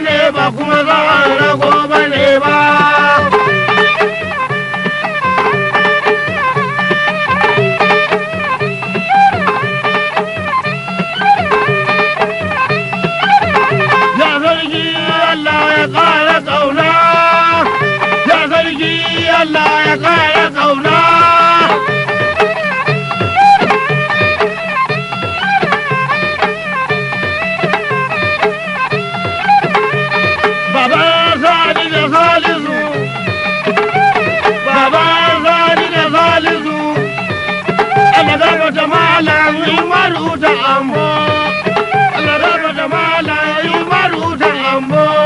ne ba kuma za a rago ba Allah da malam Umaru da Ambo Allah da malam Umaru da Ambo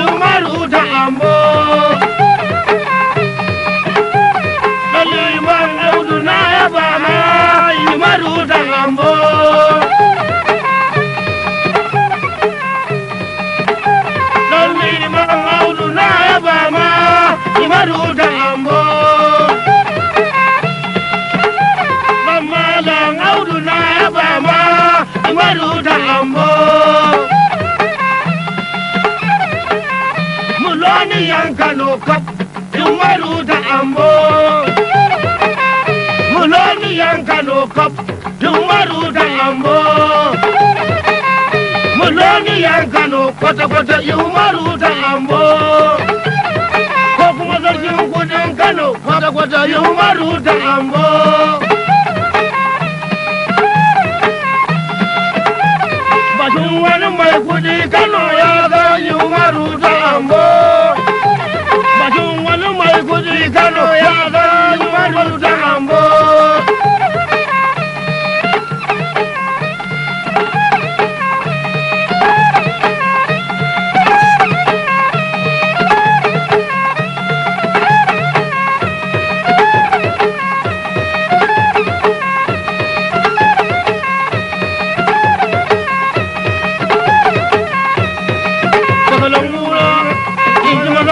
umaru da ambo Lalle Imam Audu na yaba ma Umaru da ambo Lalle Imam Audu na yaba ma Umaru da ambo Malam Audu na yaba ma Umaru da ambo manyan Kano kaf Umaru da Ambo Muloniyan Kano kaf Umaru da Ambo Muloniyan Kano kwata-kwata Umaru da Ambo Ko kuma zargin kudin Kano kwata-kwata Umaru da Ambo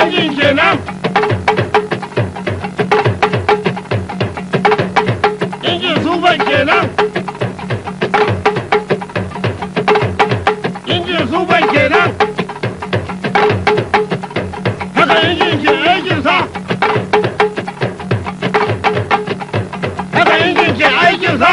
injin kenan injin haka injin ke aikin sa haka injin ke aikin sa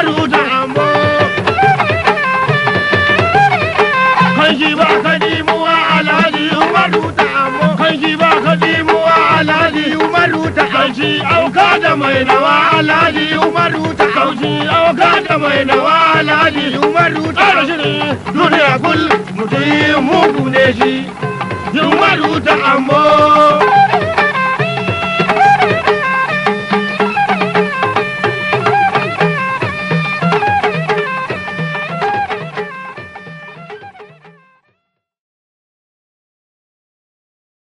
yaro da ambo kan shi ba ka dimuwa alhaji umaru da ambo kan shi ba ka dimuwa alhaji umaru ta kaushi auka da mai nawa alhaji umaru ta kaushi auka da mai nawa alhaji umaru ta kaushi ne duniya kul mutum mugu ne shi umaru ta ambo